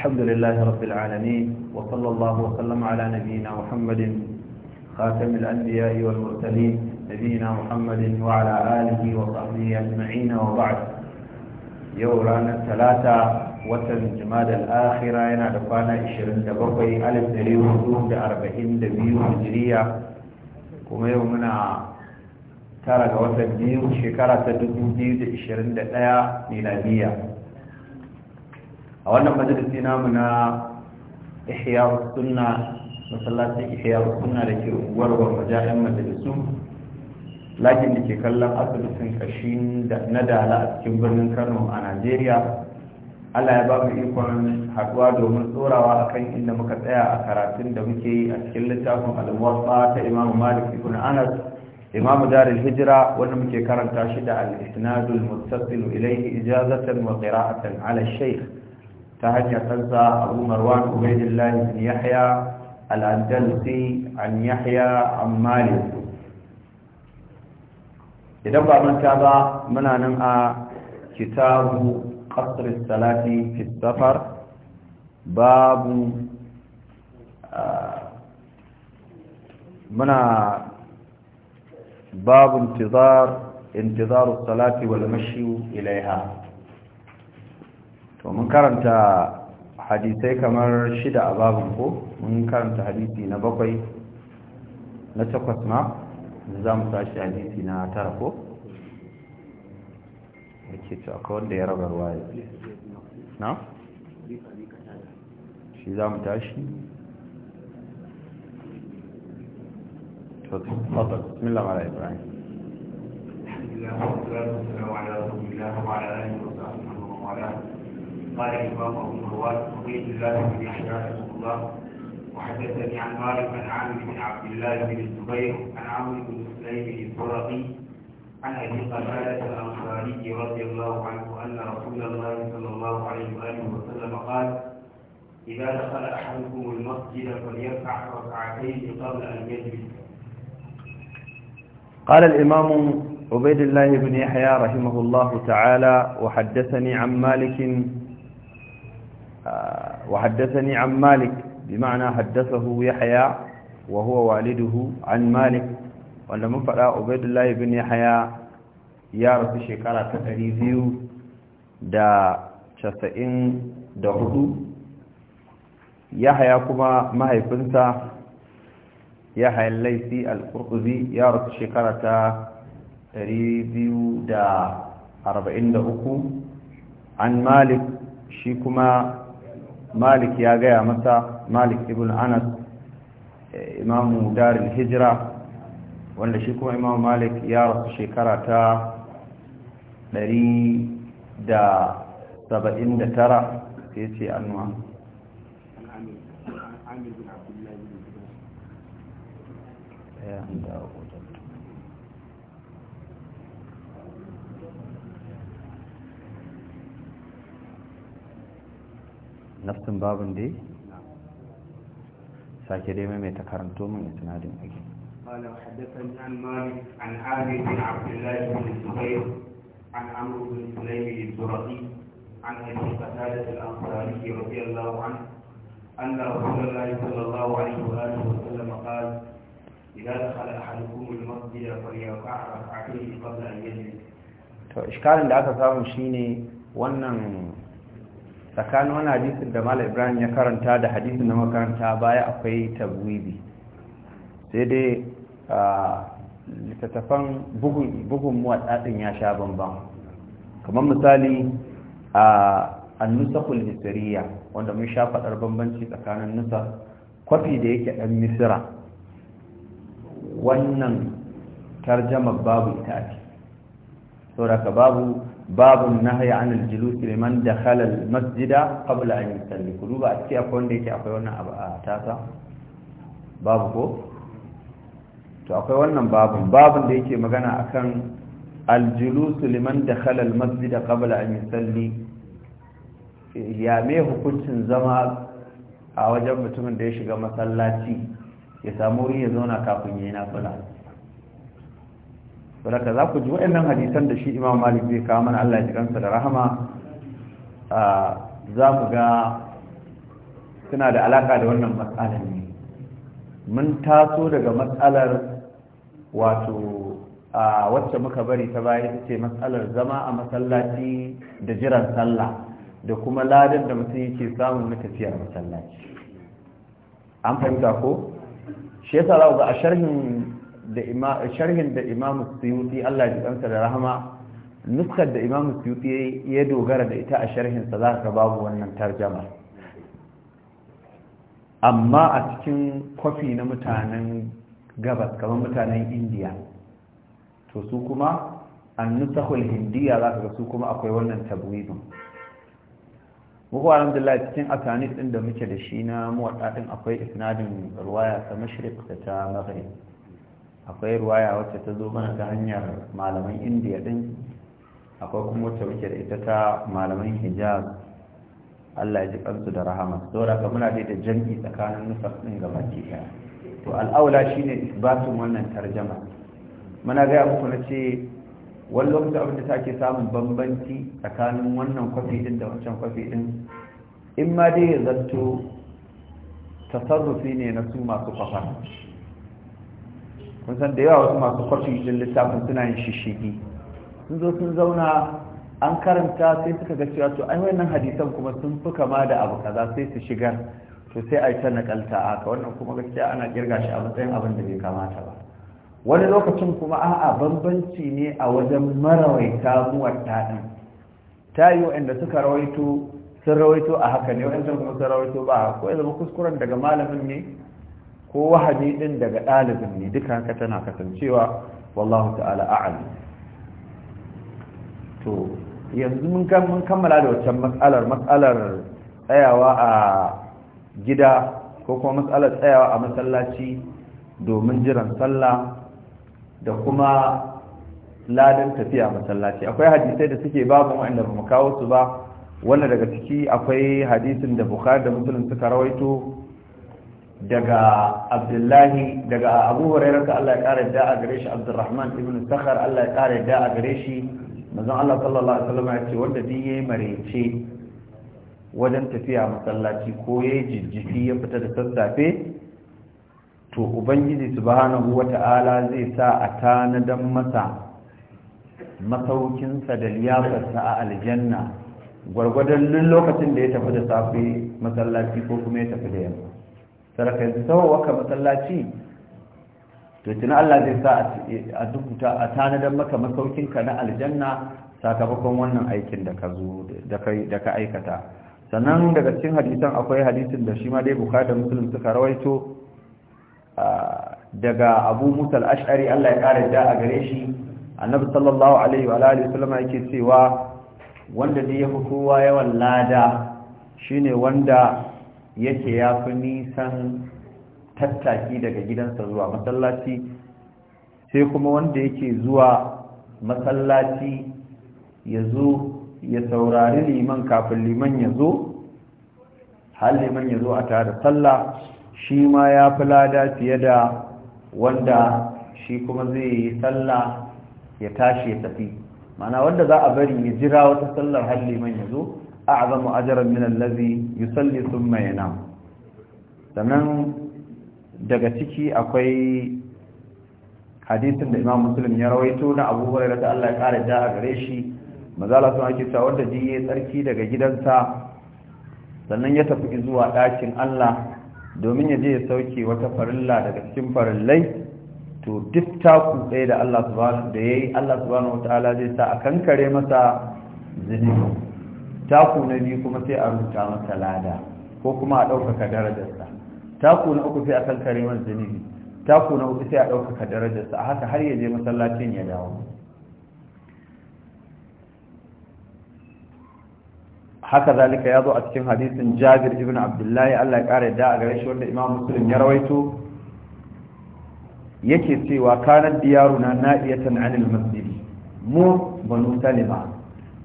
الحمد لله رب العالمين وصلى الله وسلم على نبينا محمد خاتم الأنبياء والمرسلين نبينا محمد وعلى آله وصحبه أجمعين وبعد يورانا الثلاثة watan jumadal akhira yana da kwana 27 alif dari hudu da arba'in da biyu hijiriya kuma yau muna tara ga watan biyu shekara ta 2021 miladiya a wannan majalisi namu na ihya suna masallacin ihya suna da ke unguwar gwamnati yan majalisu lakin da ke kallon asibitin kashi na dala a cikin birnin kano a najeriya allah ya ba mu ikon haɗuwa domin tsorawa kan inda muka tsaya a karatun da muke yi a cikin littafin almuwafa ta imamu malik ibn anas imamu darul hijira wanda muke karanta shi da al-isnadul muttasil ilayhi ijazatan wa qira'atan ala shaykh ta hanyar ɗansa abu marwan ubaidillah bin yahya al-andalusi an yahya an idan ba manta ba muna nan a kitabu qasr salati fi safar babu muna babu intizar intizar salati wal mashi ilaiha to mun karanta hadisai kamar shida a babin ko mun karanta hadisi na bakwai na takwas ma za mu tashi hadisi na tara ko yake ce akwai wanda ya raba ruwa ya na? shi za mu tashi بسم الله الرحمن الرحيم الحمد لله والصلاه والسلام على رسول الله وعلى اله وصحبه ومن قال الإمام أبو مروان عبيد الله بن يحيى رحمه الله وحدثني عن مالك عن عامر بن عبد الله بن الزبير عن عامر بن سليم الفرقي عن أبي قتادة الأنصاري رضي الله عنه أن رسول الله صلى الله عليه وآله وسلم قال إذا دخل أحدكم المسجد فليركع ركعتين قبل أن يجلس قال الإمام عبيد الله بن يحيى رحمه الله تعالى وحدثني عن مالك وحدثني عن مالك بمعنى حدثه يحيى وهو والده عن مالك wanda mun faɗa Ubaidullahi bin ya rasu shekara ta ɗari biyu da casa'in da hudu Yahya kuma mahaifinsa Yahya Laifi Al-Qurquzi ya rasu shekara ta ɗari biyu da arba'in da uku an Malik shi kuma malik ya gaya masa malik ibn anas eh, imamu darin hijira wanda shi kuma imamu malik ya rasu shekara ta 179 sai ce annuwa Yeah, and, uh, nafsin babin dai sake dai mai ta karanto min isnadin ake قال حدثني عن مالك عن عامر بن عبد الله بن الزبير عن عمرو بن سليم الزرقي عن ابي قتاده الانصاري رضي الله عنه ان رسول الله صلى الله عليه واله وسلم قال اذا دخل احدكم المسجد فليقع ركعتين قبل ان يجلس. to iskalin da aka samu shine wannan tsakanin wani hadisi da malam ibrahim ya karanta da hadisi na makaranta baya akwai tabwibi sai dai littattafan bugun muwatsaɗin ya sha bambam kamar misali a annusakul misiriya wanda mun sha faɗar bambanci tsakanin nusa kwafi da yake ɗan misira wannan tarjama babu ita ake sauraka babu باب النهي an الجلوس لمن دخل المسجد قبل masjida يصلي an yusalli ku duba a cikin akwai wanda yake akwai wannan abu a tasa babu ko to akwai wannan babun babun da yake magana akan al liman dakhala almasjid masjida qabla an yusalli ya me hukuncin zama a wajen mutumin da ya shiga masallaci ya samu wuri ya zauna kafin yayin nafila saboda za ku ji waɗannan hadisan da shi imam malik zai kawo mana allah ya kansa da rahama za ku ga suna da alaƙa da wannan matsalar ne mun taso daga matsalar wato a wacce muka bari ta baya ita ce matsalar zama a masallaci da jiran sallah da kuma ladar da mutum yake samun na tafiyar masallaci an fahimta ko shi yasa za ga a sharhin da sharhin da imam suyuti Allah ya da rahama nuskar da imam suyuti ya dogara da ita a sharhin sa zaka babu wannan tarjama amma a cikin kwafi na mutanen gabas kamar mutanen indiya to su kuma annusahul hindiya zaka ga su kuma akwai wannan tabwidin muku alhamdulillah cikin asanis din da muke da shi na muwadda akwai isnadin ruwaya ta mashriq da ta maghrib akwai ruwaya wacce ta zo mana ta hanyar malaman indiya din akwai kuma wacce muke da ita ta malaman hijab allah ya ji kansu da rahama to da muna da jam'i tsakanin nufar din ga ke ɗaya to al'aula shine isbatun wannan tarjama muna gaya muku na ce wani lokaci abin da take samun bambanci tsakanin wannan kwafi din da wancan kwafi din in ma dai ya zanto tasarrufi ne na su masu kwafa kun san da yawa wasu masu kwafi jin littafin suna yin shishigi sun zo sun zauna an karanta sai suka ga cewa to ai wannan hadisan kuma sun fi kama da abu kaza sai su shigar to sai a yi ta nakalta ka wannan kuma gaskiya ana kirga shi a matsayin abin da bai kamata ba wani lokacin kuma a'a bambanci ne a wajen marawaita muwatta din ta yi wa'anda suka rawaito sun rawaito a haka ne wa'anda kuma sun rawaito ba ko ya zama kuskuren daga malamin ne ko wahabi din daga ɗalibin ne duka haka tana kasancewa wallahu ta'ala a'lam to yanzu mun kammala da waccan matsalar matsalar tsayawa a gida ko kuma matsalar tsayawa a masallaci domin jiran sallah da kuma ladan tafiya masallaci akwai hadisai da suke babu wanda ba mu kawo su ba wanda daga ciki akwai hadisin da bukhari da muslim suka rawaito daga abdullahi daga abu hurairar ka Allah ya kare da a gare shi abdurrahman ibn sakhar Allah ya kare da a gare shi manzon Allah sallallahu alaihi wasallam ya ce wanda din yayi marece wajen tafiya masallaci ko yayi jijjifi ya fita da sassafe to ubangiji subhanahu wata'ala zai sa a tanadan masa masaukinsa da liyafarsa a aljanna gwargwadon lokacin da ya tafi da safe masallaci ko kuma ya tafi da yamma saraka yanzu waka masallaci to tuna Allah zai sa a dubuta a tanadar maka masaukinka na aljanna sakamakon wannan aikin da ka zo da ka aikata sannan daga cikin hadisan akwai hadisin da shi ma dai bukhari da suka rawaito daga abu musa ashari Allah ya kare da a gare shi annabi sallallahu alaihi wa alihi sallama yake cewa wanda da yafi kowa yawan lada shine wanda yake ya fi nisan tattaki daga gidansa zuwa masallaci sai kuma wanda yake zuwa masallaci ya zo ya saurari liman kafin liman ya zo har liman ya zo a tare sallah shi ma ya fi lada fiye da wanda shi kuma zai yi sallah ya tashi ya tafi mana wanda za a bari ya jira wata sallar har liman ya zo a'zamu ajran min allazi yusalli thumma yanam sannan daga ciki akwai hadisin da Imam Muslim ya rawaito na Abu Hurairah da Allah ya kare da gare shi mazala sun ake cewa wanda ji yayi tsarki daga gidansa sannan ya tafi zuwa ɗakin Allah domin ya je ya sauke wata farilla daga cikin farillai to duk taku ɗaya da Allah subhanahu da yayi Allah subhanahu wataala zai sa a kankare masa zinubi taku na biyu kuma sai a rubuta masa lada ko kuma a ɗaukaka darajarsa taku na uku sai a kankare masa zunubi taku na uku sai a ɗaukaka darajarsa a haka har ya je masallacin ya dawo haka zalika ya zo a cikin hadisin jabir ibn abdullahi allah ya ƙara yadda a gare shi wanda imam muslim ya rawaito yake cewa kanar diyaruna na'iyatan anil masjidi mu banu salima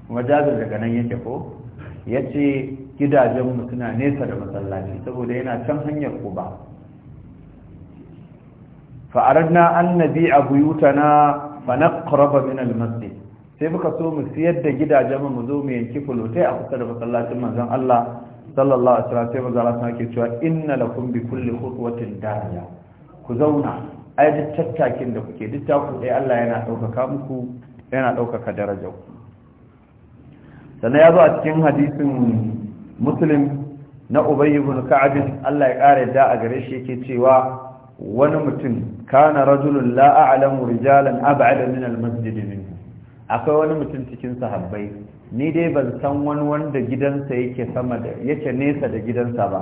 kuma jabir daga nan yake ko ya ce gidajenmu suna nesa da masallaci saboda yana can hanyar kuba fa'aradna an nabi a buyutana na min sai muka so mu siyar da gidajenmu mu zo mu yanki fulotai a kusa da masallacin manzon Allah sallallahu alaihi wasallam sai manzon suna ke cewa inna lakum bi kulli khutwatin dariya ku zauna ai duk tattakin da kuke duk taku dai Allah yana ɗaukaka muku yana ɗaukaka darajar ku sannan ya zo a cikin hadisin muslim na ubayi bin ka'abin Allah ya kare da a gare shi yake cewa wani mutum kana rajulun laaalamu a'lamu rijalan ab'ada min almasjidi min akwai wani mutum cikin sahabbai ni dai ban san wani wanda gidansa yake sama da yake nesa da gidansa ba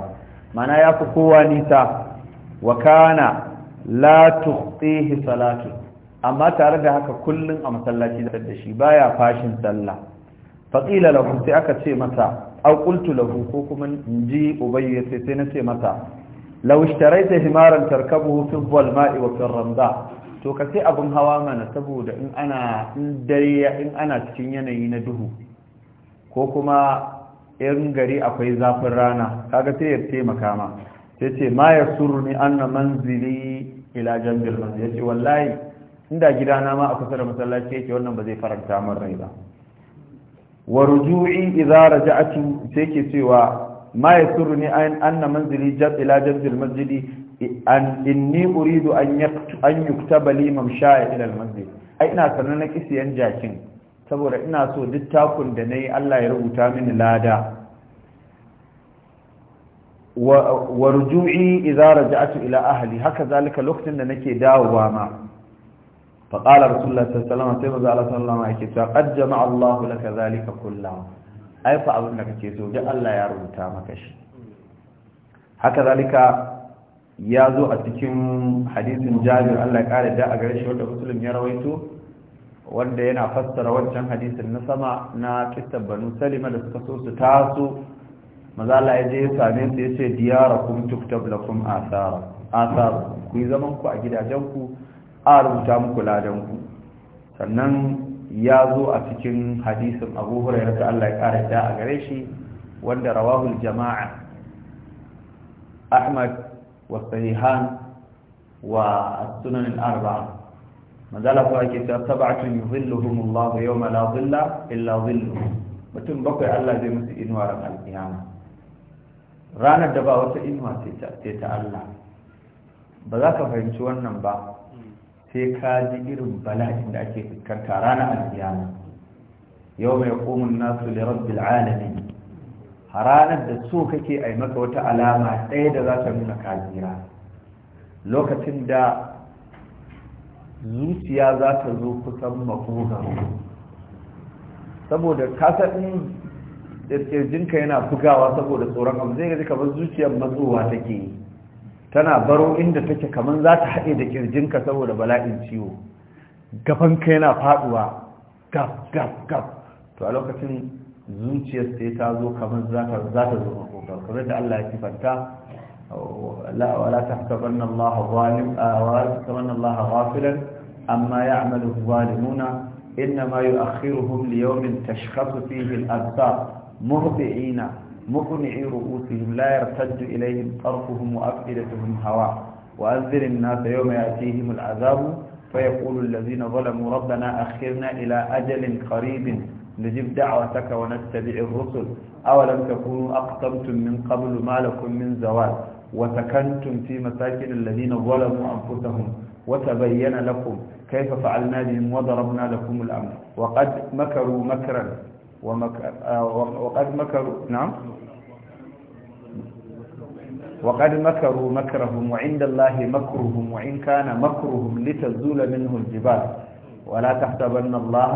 mana ya fi kowa nisa wa kana la tuqtihi salatu amma tare da haka kullum a masallaci da shi baya fashin sallah faƙila lahu sai aka ce masa au qultu ko kuma ji ubayy sai sai nace masa law ta himaran tarkabuhu fi dhulma'i wa fi to ka sai abin hawa mana saboda in ana in in ana cikin yanayi na duhu ko kuma irin gari akwai zafin rana kaga sai ya taimaka ma sai ce ma yasurni anna manzili ila jambil manzil yace wallahi inda gidana ma a kusa da masallaci yake wannan ba zai faranta min rai ba wa ruju'i idza raja'tu sai ke cewa ma yasurni an anna manzili jab ila jabdil masjidi an inni uridu an yaktu an yuktaba li mamshaya ila al masjid ai ina sanar na kisiyan jakin saboda ina so duk takun da nayi Allah ya rubuta mini lada wa ruju'i idza raja'tu ila ahli haka zalika lokacin da nake dawowa ma فقال رسول الله صلى الله عليه وسلم سيبذ الله صلى الله عليه وسلم قد جمع zalika لك ذلك كله اي فابن لك كيسو ده الله يا رمتا مكا شي هكذا لك يا زو cikin hadisin Jabir Allah ya da a gare shi wanda Muslim ya rawaito wanda yana fassara wancan hadisin na sama na kitab banu salima da suka so su taso maza Allah ya je ya same su ya ce diyarakum tuktab lakum athara athara ku zaman ku a gidajen ku a rubuta muku ladanku sannan ya zo a cikin hadisin abu hurairu da Allah ya ƙara da a gare shi wanda rawahul jama'a ahmad wa sahihan wa sunan al-arba'a manzala ko ake ta sab'atun yuzilluhum Allah yawma la dhilla illa dhilluh mutum bakwai Allah zai musu inuwa ran alkiyama ranar da ba wata inuwa sai ta Allah ba za ka fahimci wannan ba sai ka ji irin bala'in da ake fuskanta ranar alkiyama yau mai ƙomin nasu da rabbil alamin a ranar da so kake a maka wata alama ɗaya da za ta nuna kazira lokacin da zuciya za ta zo kusan makogaro saboda kasaɗin ƙirjinka yana bugawa saboda tsoron abu zai gaji kamar zuciyar matsowa take yi tana baro inda take kaman za ta haɗe da ƙirjinka saboda bala'in ciwo gabanka yana faɗuwa gaf gaf gaf to a lokacin zuciyar sai ta zo kaman za ta zo makogar kamar da Allah ya sifanta wala ta sabanna Allah zalim wala ta sabanna Allah ghafilan amma ya'malu zalimuna innama yi li yawmin tashkhasu fihi al-absar muhti'ina مقنعي رؤوسهم لا يرتد إليهم طرفهم وأفئدتهم هواء وأنذر الناس يوم يأتيهم العذاب فيقول الذين ظلموا ربنا أخرنا إلى أجل قريب نجب دعوتك ونتبع الرسل أولم تكونوا أقسمتم من قبل ما لكم من زوال وسكنتم في مساكن الذين ظلموا أنفسهم وتبين لكم كيف فعلنا بهم وضربنا لكم الأمر وقد مكروا مكرا ومك... آه، وقد مكروا نعم وقد مكروا مكرهم وعند الله مكرهم وإن كان مكرهم لتزول منه الجبال ولا تحسبن الله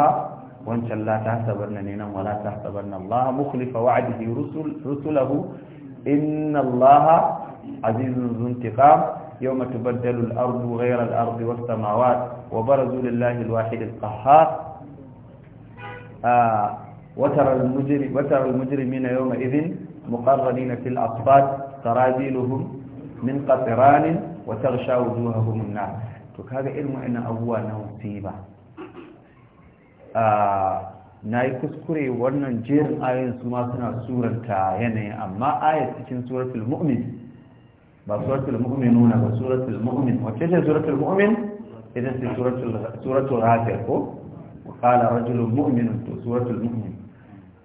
شاء لا تحسبن نينا ولا تحسبن الله مخلف وعده رسل رسله إن الله عزيز ذو انتقام يوم تبدل الأرض غير الأرض والسماوات وبرزوا لله الواحد القهار آه وترى المجرم وترى المجرمين يومئذ مقرنين في الأصفاد سرابيلهم من قطران وتغشى وجوههم النار هذا علم أن أبوه نصيبة na yi kuskure wannan jerin ayoyin su ma suna surarta yanayin amma ayat cikin suratul mu'min ba suratul mu'minuna ba suratul mu'min wacce ce suratul mu'min idan suratul suratul ghafir ko qala rajulun mu'minun suratul mu'min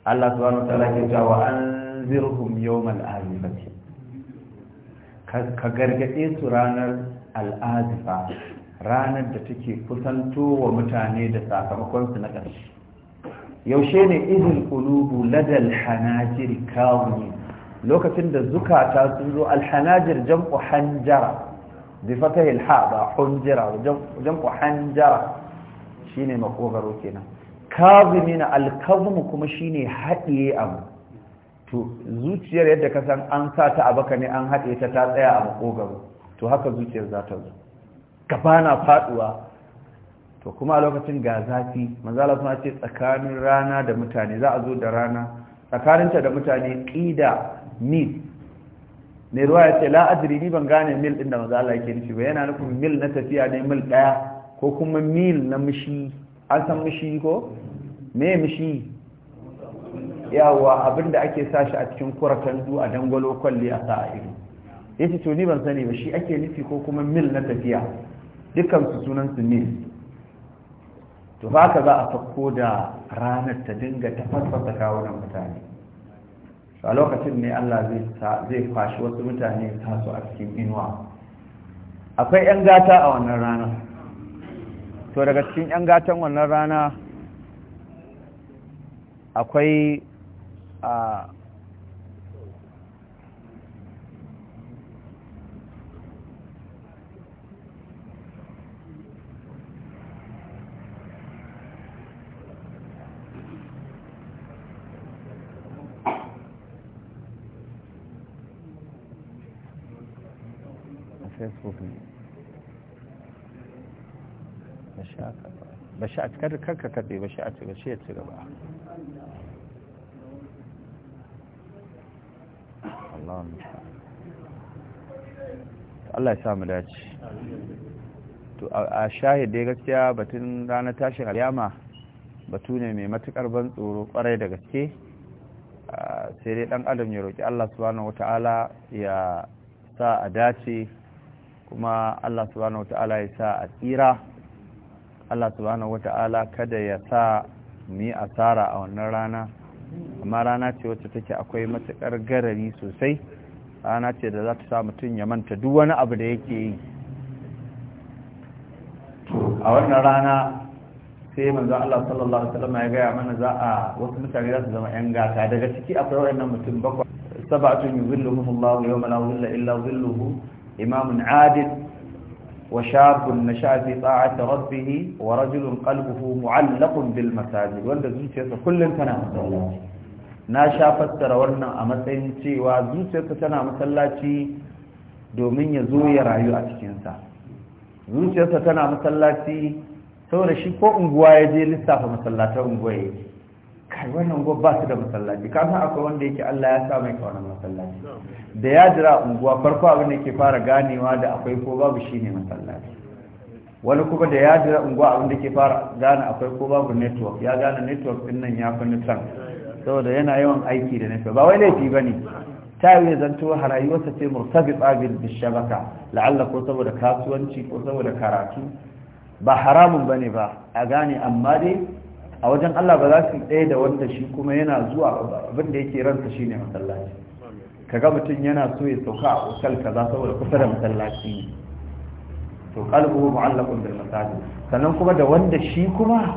Allah subhanahu wa ta'ala ke cewa an anzirhum yawmal azifati ka gargade su ranar al'azifa ranar da take kusanto wa mutane da sakamakonsu na ƙarshe yaushe ne izin kulubu ladal hanajir kawuni lokacin da zukata sun zo alhanajir jam'u hanjara bi fatahil ha ba hunjira jam'u hanjara shine makogaro kenan kazimina alkazmu kuma shine haɗiye abu to zuciyar yadda ka san an sa ta abaka ne an haɗe ta ta tsaya a makogaro to haka zuciyar za ta zo gaba na faɗuwa to kuma a lokacin ga zafi manzala suna ce tsakanin rana da mutane za a zo da rana tsakaninta da mutane ƙida mil ne ruwa ya ce la'adiri ni ban gane mil ɗin da manzala yake nufi ba yana nufin mil na tafiya ne mil ɗaya ko kuma mil na mushi, an san mushi ko me mishi yawa abinda ake sa shi a cikin kuratan du a dangwalo kwalli a sa a ido yace to ni ban sani ba shi ake nufi ko kuma mil na tafiya dukkan su sunan su mil to haka za a fakko da ranar ta dinga ta fasfasa kawunan mutane a lokacin ne Allah zai fashi wasu mutane taso a cikin inuwa akwai 'yan gata a wannan rana to daga cikin 'yan gatan wannan rana akwai a Facebook ne. na shaƙa ba. ba shi a cikin karka kaɗe ba shi a cikin shi ya ci gaba Allah ya samu dace to a shahidai gaskiya batun ranar tashin alyama batu ne mai matukar ban tsoro kwarai da gaske sai dai dan adam ya roki Allah subhanahu wataala ya sa a dace kuma Allah subhanahu wataala ya sa a tsira Allah subhanahu wata'ala kada ya sa mu asara a wannan rana amma rana ce wacce take akwai matukar garari sosai rana ce da za ta sa mutum ya manta duk wani abu da yake yi a wannan rana sai manzo Allah sallallahu alaihi wasallam ya gaya mana za a wasu mutane za su zama yan gata daga ciki akwai wannan mutum bakwai sabatun yuzilluhumullahu yawma la illa zilluhu imamun adil وشاب نشأ في طاعة ربه ورجل قلبه معلق بالمساجد wanda zuciyarsa kullum tana masallaci na sha fassara wannan a matsayin cewa zuciyarsa tana masallaci domin ya zo ya rayu a cikinsa zuciyarsa tana masallaci saboda shi ko unguwa ya je lissafa masallatan unguwa yake kai wannan unguwa ba su da masallaci kasan akwai wanda yake Allah ya sa mai kaunar masallaci da ya jira unguwa farko abin da ke fara ganewa da akwai ko babu shi ne masallaci wani kuma da ya jira unguwa abin da ke fara gane akwai ko babu network ya gane network din nan ya fi nutsan saboda yana yawan aiki da network ba wai laifi bane ta yi zanto rayuwarsa ce murtabita bil bishabaka la'alla ko saboda kasuwanci ko saboda karatu ba haramun bane ba a gane amma dai a wajen Allah ba za su ɗaya da wanda shi kuma yana zuwa abin da yake ransa shine masallaci kaga mutum yana so ya sauka a otal kaza saboda kusa da masallaci ne to qalbuhu mu'allaqun bil masajid sannan kuma da wanda shi kuma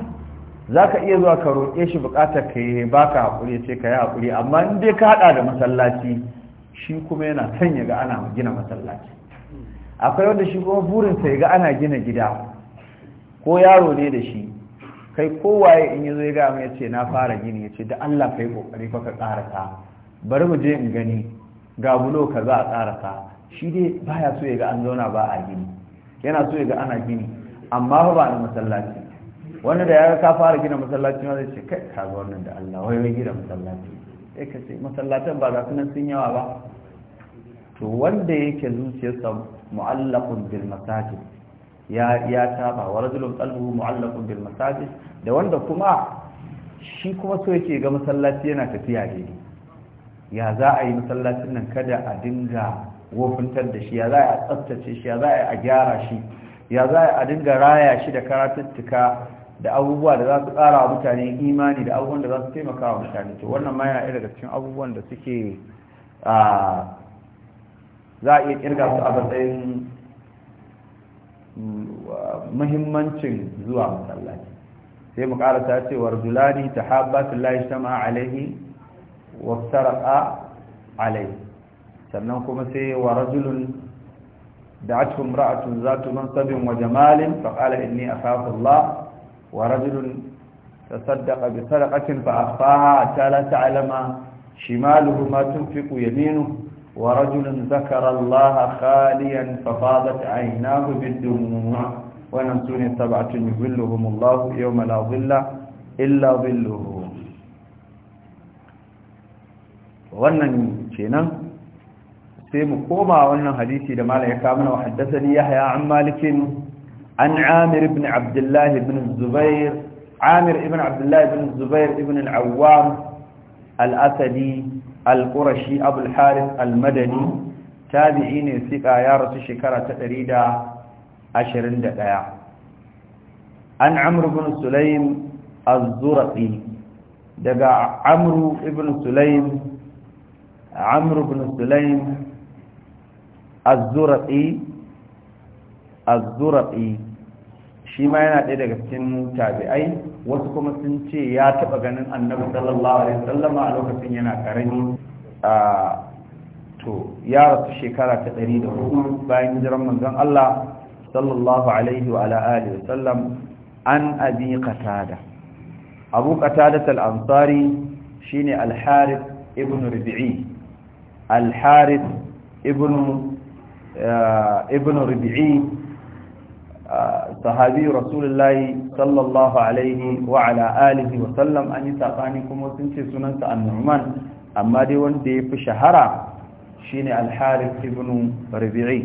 zaka iya zuwa ka roƙe shi buƙatar ka yi baka hakuri ce ka yi hakuri amma in dai ka hada da masallaci shi kuma yana son ya ga ana gina masallaci akwai wanda shi kuma burinsa ya ga ana gina gida ko yaro ne da shi kai kowaye in yi zai gama ya ce na fara gini ya ce da Allah kai kokari ka tsara karasa bari mu je in gani ga bulo ka za a karasa shi dai baya so ya ga an zauna ba a gini yana so ya ga ana gini amma ba na masallaci wanda da ya ka fara gina masallaci ma zai ce kai ka ga wannan da Allah wai wai gina masallaci sai ka ce masallatan ba za su nan sun yawa ba to wanda yake zuciyarsa mu'allaqun bil masajid ya ya taba wa rajulun qalbuhu mu'allaqun bil masajid da wanda kuma shi kuma so yake ga masallaci yana tafiya daidai ya za a yi masallacin nan kada a dinga wofintar da shi ya za a tsaftace shi ya za a gyara shi ya za a dinga raya shi da karatuttuka da abubuwa da za su ƙara wa mutane imani da abubuwan da za su taimaka wa mutane to wannan ma yana daga cikin abubuwan da suke ah, za a iya kirga su a matsayin muhimmancin zuwa masallaci sai mu karasa cewar zulani ta habbatu lahi shama alaihi wa sarqa alaihi sannan kuma sai wa rajulun da'athu imra'atun zatu mansabin wa jamalin fa qala inni akhafu Allah wa rajulun tasaddaqa bi sadaqatin fa akhfaha ta la ta'lama shimaluhu ma tunfiqu yaminuhu ورجل ذكر الله خاليا ففاضت عيناه بالدموع ونمسون سبعة يظلهم الله يوم لا ظل إلا ظله wannan kenan sai mu koma wannan hadisi da malai ya haddasa mana wa yahya an malikin an amir ibn abdullah ibn zubair amir ibn abdullah ibn zubair ibn al-awwam al-asadi al-qurashi abu al-harith al-madani tabi'i ne siƙa ya rasu shekara ta ɗari da ashirin da ɗaya an amru ibn sulaim az-zuraqi daga amru ibn sulaim amru ibn sulaim az-zuraqi az-zuraqi shi ma yana ɗaya daga cikin tabi'ai wasu kuma sun ce ya taɓa ganin annabi sallallahu alaihi sallama a lokacin yana karami a to ya rasu shekara ta ɗari da hudu bayan hijiran manzon Allah sallallahu alaihi wa ala alihi wa sallam an abi qatada abu qatada al-ansari shine al-harith ibn rabi'i al-harith ibn eh, ibn rabi'i sahabi rasulullahi sallallahu alaihi wa ala alihi wa sallam an yi sabani kuma sun ce sunansa annuman amma dai wanda ya fi shahara shine al-harith ibn rabi'i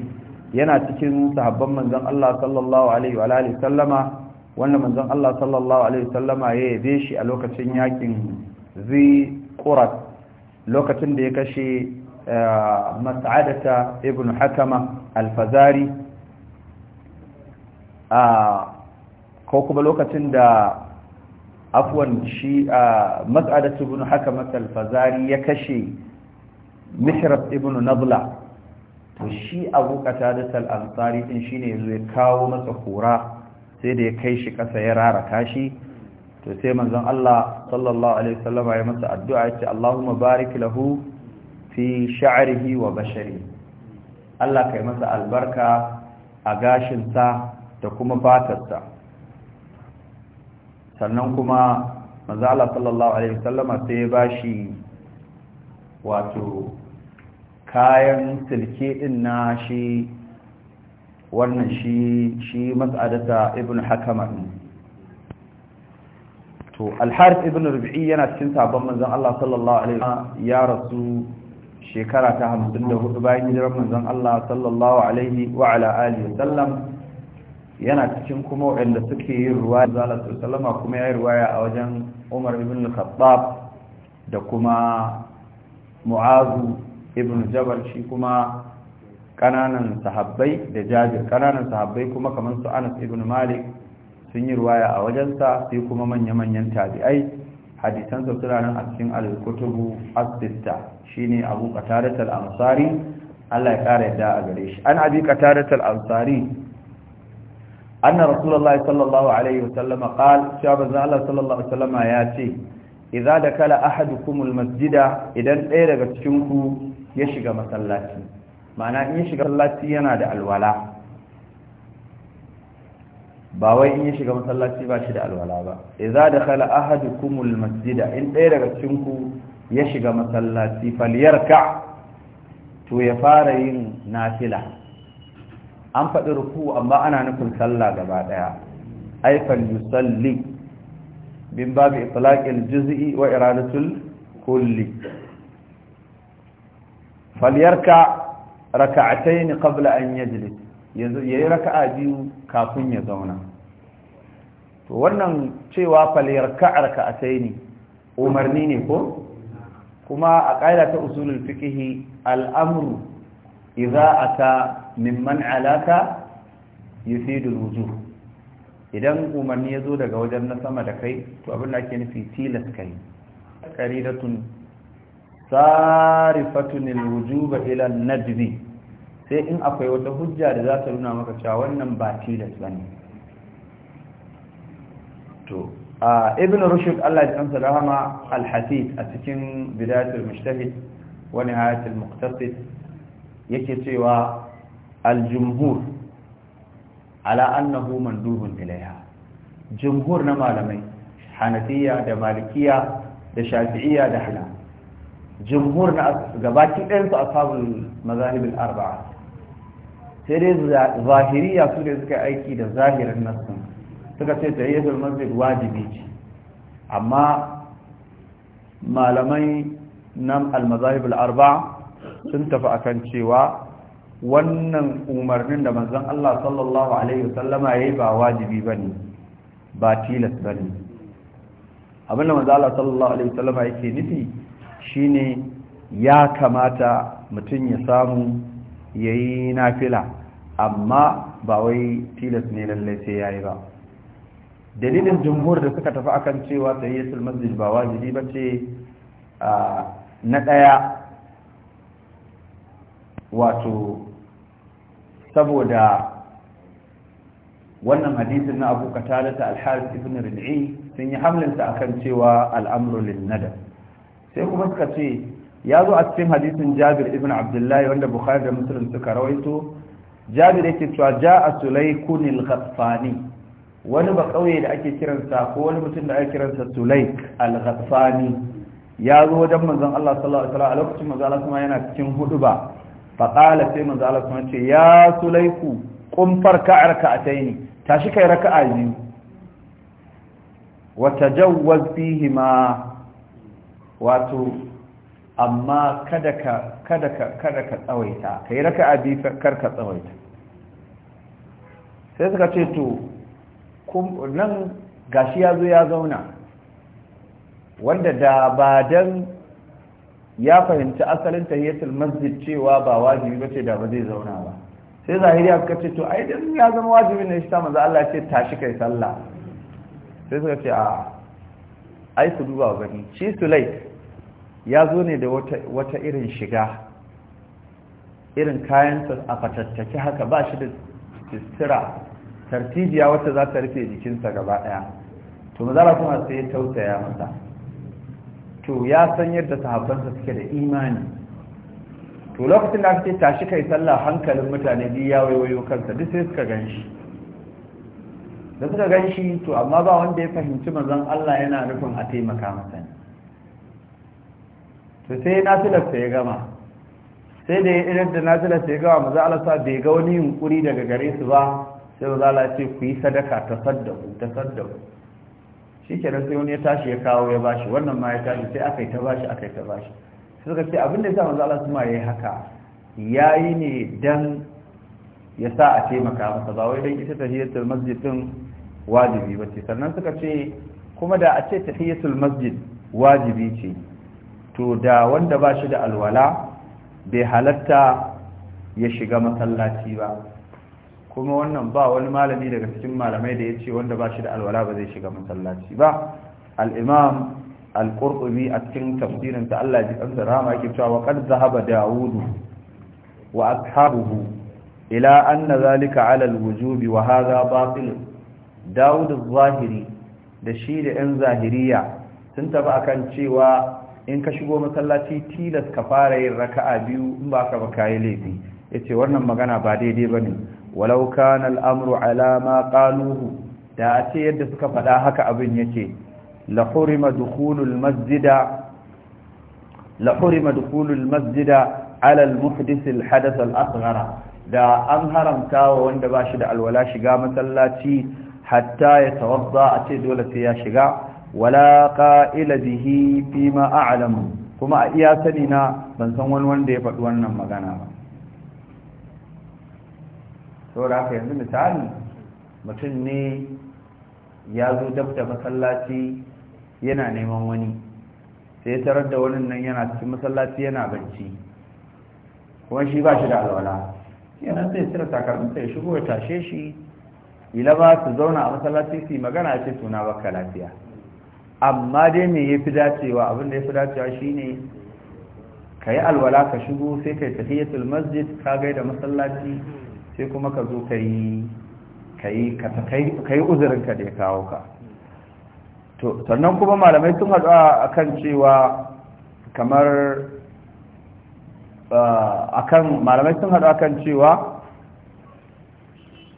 yana cikin sahabban manzon Allah sallallahu alaihi wa alihi sallama wanda manzon Allah sallallahu alaihi sallama ya yabe shi a lokacin yakin zi qurat lokacin da ya kashe eh, mas'adata ibn hakama al-fazari a ko kuma lokacin da afwan shi a mas'adat ibn hakam al-fazari ya kashe mihrab ibn nabla to shi abu qatadat al-ansari din shine yazo ya kawo masa kura sai da ya kai shi kasa ya rara kashi, to sai manzon Allah sallallahu alaihi wasallam ya masa addu'a ce, Allahumma barik lahu fi sha'rihi wa bashari Allah kai masa albarka a gashin sa da kuma fatarsa sannan kuma manzo sallallahu alaihi wasallama sai ya bashi wato kayan silke din na shi wannan shi shi mas'adata ibn hakama to al-harith ibn rubi'i yana cikin sabon manzon Allah sallallahu alaihi wasallama ya rasu shekara ta 54 bayan hijirar manzon Allah sallallahu alaihi wa ala alihi sallam yana cikin kuma waɗanda suke yin ruwa da kuma ya yi ruwaya a wajen umar ibn al-khattab da kuma mu'azu ibn jabal shi kuma kananan sahabbai da jabir kananan sahabbai kuma kamar su anas ibn malik sun yi ruwaya a wajensa sai kuma manya-manyan tabi'ai hadisansa suna nan a cikin al-kutubu as-sitta shine abu qatadat al-ansari Allah ya kare da a gare shi an abi qatadat ansari ana rasulullahi sallallahu ya ce idza dakala ahadukumul masjida daga cikin ku ya shiga masallaci yana da alwala ba wai in shiga masallaci ba shi da alwala ba idza dakala ahadukumul in ɗaya daga cikin ku ya shiga masalaci falyarka to ya fara yin nafila an faɗi ruku amma ana nufin sallah gaba ɗaya aifan yusalli bin babu itlaqil juz'i wa iradatul kulli falyarka raka'atayn qabla an yajlis yanzu yayi raka'a biyu kafin ya zauna to wannan cewa falyarka raka'atayn umarni ne ko kuma a ƙa'ida ta usulul fiqh al-amru idza ata mimman alaka yusidul wujuh idan umarni ya zo daga wajen na sama da kai to abin da ake nufi tilas kai qaridatun sarifatun wujuba ila najdi sai in akwai wata hujja da za ta nuna maka cewa wannan ba tilas bane to a ibn rushd Allah ya tsansa rahama al-hasib a cikin bidayatul mujtahid wa nihayatul muqtasid yake cewa aljumhur ala annahu mandubun ilaiha jumhur na malamai hanafiya da malikiya da shafi'iya da hana jumhur na gabaki ɗayansu ashabul mazahibul arba'a sai dai zahiriya su da suka aiki da zahirin nassin suka ce tayyidatul masjid wajibi ce amma malamai na al arbaa sun tafi akan cewa wannan umarnin da manzon Allah sallallahu alaihi wasallama yayi ba wajibi bane ba tilas bane abin da manzon Allah sallallahu alaihi wasallama yake nufi shine ya kamata mutum ya samu yayi nafila amma ba wai tilas ne lalle sai yayi ba dalilin jumhur da suka tafi akan cewa tayyisul masjid ba wajibi bace na daya wato saboda wannan hadisin na abu katalata alharis ibn rid'i sun yi hamlinsa akan cewa al'amru lin sai kuma suka ce ya zo a cikin hadisin jabir ibn abdullahi wanda bukhari da muslim suka rawaito jabir yake cewa ja a al-ghaffani wani ba kauye da ake kiransa ko wani mutum da ake kiransa sulayk al'afani. ya zo wajen manzon Allah sallallahu alaihi wasallam a lokacin manzon Allah yana cikin huduba faƙala sai manzo Allah sun ce ya sulaiku kun farka arka'ataini tashi kai raka'a biyu wa tajawwaz ma wato amma kada ka kada ka kada ka tsawaita kai raka'a biyu kar ka tsawaita sai suka ce to nan gashi ya zo ya zauna wanda da ba dan ya fahimci asalin tahiyatul masjid cewa ba wajibi bace da ba zai zauna ba sai zahiri aka ce to ai dan ya zama wajibi ne shi ta manzo Allah ce tashi kai sallah sai suka ce a ai su duba gani shi sulai ya zo ne da wata wata irin shiga irin kayansa a fatattake haka ba shi da istira tartijiya wacce za ta rufe jikinsa gaba daya to mazara kuma sai ya tausaya masa to ya san yadda sahabbansa suke da imani to lokacin da ake tashi kai sallah hankalin mutane biyu ya wayoyo kansa duk sai suka gan shi da suka gan to amma ba wanda ya fahimci manzon Allah yana nufin a taimaka masa to sai nasilarsa ya gama sai da ya irin da nasilarsa ya gama maza sa bai ga wani yunkuri daga gare su ba sai maza ala ku yi sadaka ta saddaku ta saddaku shi ke sai wani ya tashi ya kawo ya bashi wannan ma ya tashi sai aka yi ta bashi aka yi ta bashi suka ce abinda ya sa manzo Allah suma yayi haka yayi ne dan ya sa a taimaka masa ba wai dan ita tahiyatul masjid din wajibi ba ce sannan suka ce kuma da a ce tahiyatul masjid wajibi ce to da wanda ba shi da alwala bai halatta ya shiga masallaci ba kuma wannan ba wani malami daga cikin malamai da ya ce wanda ba shi da alwala ba zai shiga masallaci ba al'imam al a cikin tafsirin ta Allah ji kansa rama yake cewa wa zahaba Dawudu wa ashabuhu ila anna zalika ala al-wujubi wa hadha batil daud zahiri da shi da yan zahiriya sun tafi akan cewa in ka shigo masallaci tilas ka fara yin raka'a biyu in ba ka ba kai laifi yace wannan magana ba daidai bane walau kana al'amru ala ma da a ce yadda suka faɗa haka abin yake la hurima masjida alal hurima dukhulul masjida asghara da an haramta wa wanda ba shi da alwala shiga masallaci hatta ya tawadda a ce dole sai ya shiga wala qa'ila bihi fima a'lamu kuma a iya sani na ban san wani wanda ya faɗi wannan magana ba saboda haka yanzu misali mutum ne ya zo dab da masallaci yana neman wani sai tarar da wani nan yana cikin masallaci yana banci kuma shi ba shi da alwala yana sai cire takarminsa ya shigo ya tashe shi ila ba su zauna a masallaci su magana ya ce suna baka lafiya amma dai me ya fi dacewa abin da ya fi dacewa shine ka yi alwala ka shigo sai ka yi tahiyatul masjid ka gaida masallaci sai kuma ka zo ka yi ka yi uzurinka da ya kawo ka sannan kuma malamai sun haɗu a kan cewa kamar kan malamai sun haɗu kan cewa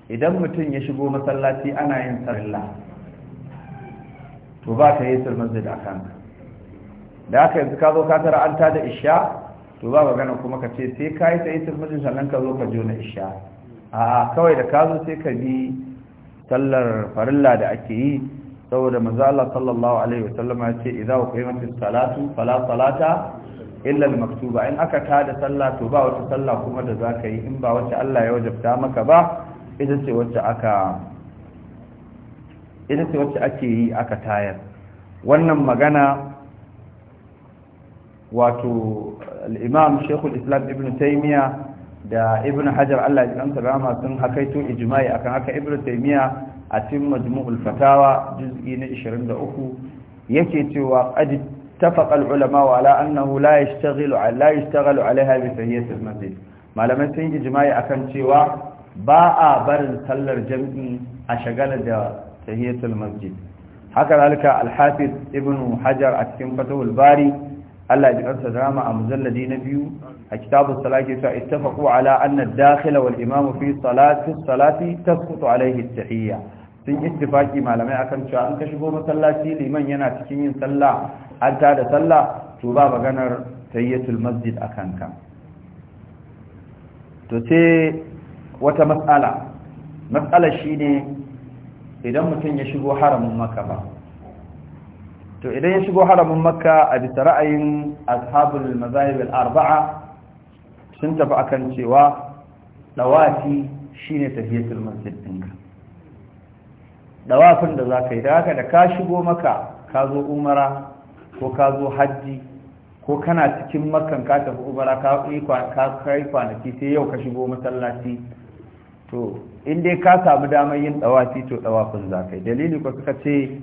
idan mutum ya shigo masallaci ana yin tsalla to ba ka yi sirmazid da kan da aka yanzu ka zo ka tara an tada isha to ba gana kuma ka ce sai ka yi tsaye sirmazid sannan ka zo ka jona isha a kawai da ka sai ka bi sallar farilla da ake yi saboda manzo Allah sallallahu alaihi wasallam ya ce idza uqimatis salatu fala salata illa al-maktuba in aka tada sallah to ba wata sallah kuma da zaka yi in ba wacce Allah ya wajabta maka ba ita ce wacce aka idan ce wacce ake yi aka tayar wannan magana wato al-imam shaykhul Islam Ibn Taymiyyah da ibn hajar Allah ya kansa rama sun hakaito ijma'i akan haka ibn taymiya a cikin majmu'ul fatawa juz'i na 23 yake cewa qad tafaqa al-ulama ala annahu la yashtaghilu la yashtaghalu alaiha bi tahiyyat al-masjid malamai sun ijimai akan cewa ba a barin sallar jam'i a shagala da tahiyyat al-masjid haka zalika al-hafiz ibn hajar a cikin fatahul bari Allah ya kansa rama a mujalladi na biyu a kitabun salaki cewa ittafaqu ala anna ad-dakhila wal imamu fi salati salati tasqutu alayhi at-tahiyya sun ittifaki malamai akan cewa an ka shigo masallaci liman yana cikin yin sallah an ta da sallah to ba maganar tayyatul masjid akan ka to sai wata matsala matsala shine idan mutum ya shigo haramun makka ba to idan ya shigo haramin makka a bisa ra'ayin ashabul mazahib al-arba'a sun tafi akan cewa dawafi shine tahiyatul masjid ɗinka dawafin da za yi da haka da ka shigo maka ka zo umara ko ka zo hajji ko kana cikin maka ka tafi umara ka yi kwanaki sai yau ka shigo masallaci to dai ka samu damar yin dawafi to dawafin za yi dalili ko suka ce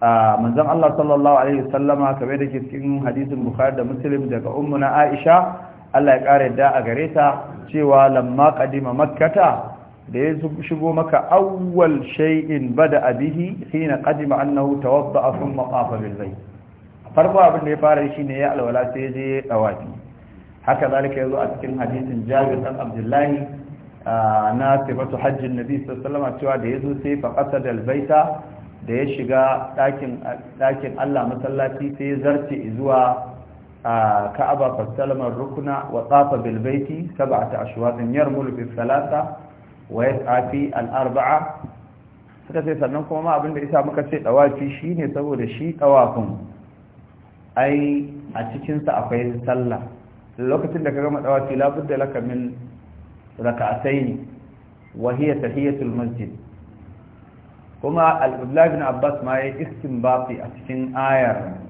a manzon Allah sallallahu alaihi wasallama kamar da ke cikin hadisin Bukhari da Muslim daga ummu na Aisha Allah ya ƙara yadda a gare ta cewa lamma ƙadima makkata da ya shigo maka awwal shay'in bada abihi hina ƙadima annahu tawadda'a thumma qafa bil bayt farko abin da ya fara shi ne ya alwala sai ya je ya haka zalika ya zo a cikin hadisin Jabir dan Abdullahi na sifatu hajjin Nabi sallama cewa da ya zo sai fa qasada da ya shiga ɗakin Allah masallaci sai ya zarce zuwa كعبة فاستلم الركن وطاف بالبيت سبعة أشواط يرمل في الثلاثة ويسعى في الأربعة suka sai sannan kuma ma abinda isa muka ce dawafi shine saboda shi dawafin ai a cikin sa akwai sallah lokacin da ka gama dawafi la budda laka min rak'atayn wa hiya tahiyatul masjid kuma al-ibn abbas ma yi yayi istinbati a cikin ayar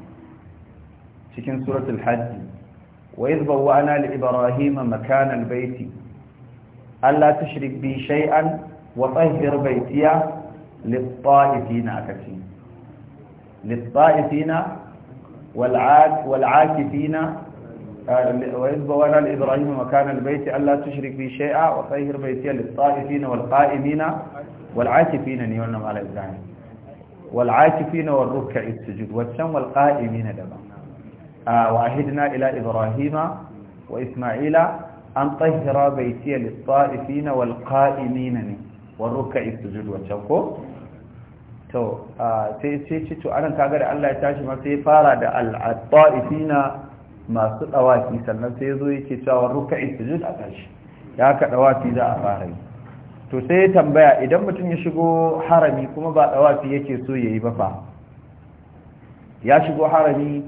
cikin suratul hajj wa iz ana li ibrahima makana albayti alla tushrik bi shay'an wa tahhir baytiya lit-ta'ifina akati lit-ta'ifina wal-'ak wal-'akifina وإذ بوانا لإبراهيم مكان البيت ألا تشرك بي شيئا وطهر بيتي للطائفين والقائمين والعاكفين نيونم على الزعيم والعاكفين والركع السجود والسم والقائمين دبا وعهدنا إلى إبراهيم وإسماعيل أن طهر بيتي للطائفين والقائمين والركع السجود والشوق to sai sai ce to anan kaga da Allah ya tashi ma sai fara da al-ta'ifina masu dawafi sannan sai yazo yake cewa ruk'a'i sujud a kashi ya ka dawafi za a fara yi to sai tambaya idan mutum ya shigo harami kuma ba dawafi yake so yayi ba fa ya shigo harami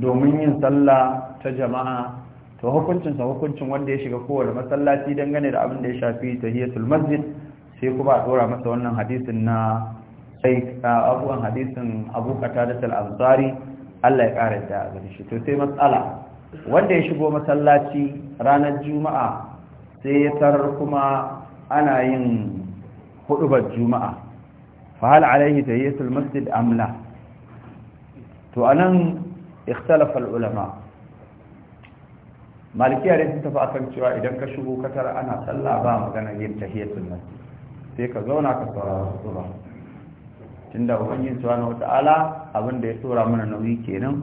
domin yin sallah ta jama'a to hukuncin sa hukuncin wanda ya shiga kowane masallaci dangane da abin da ya shafi tahiyatul masjid sai kuma a dora masa wannan hadisin na sai abuwan hadisin Abu Qatada al-Ansari Allah ya kare da gani shi to sai matsala wanda ya shigo masallaci ranar juma'a sai ya tarar kuma ana yin hudubar juma'a fa hal alaihi tahiyatul masjid amla to anan ikhtalafa ulama malikiya dai sun tafi akan cewa idan ka shigo ka ana sallah ba magana yin sai ka zauna ka saurara sura tunda ubangiji subhanahu wataala abin da ya tsora mana nauyi kenan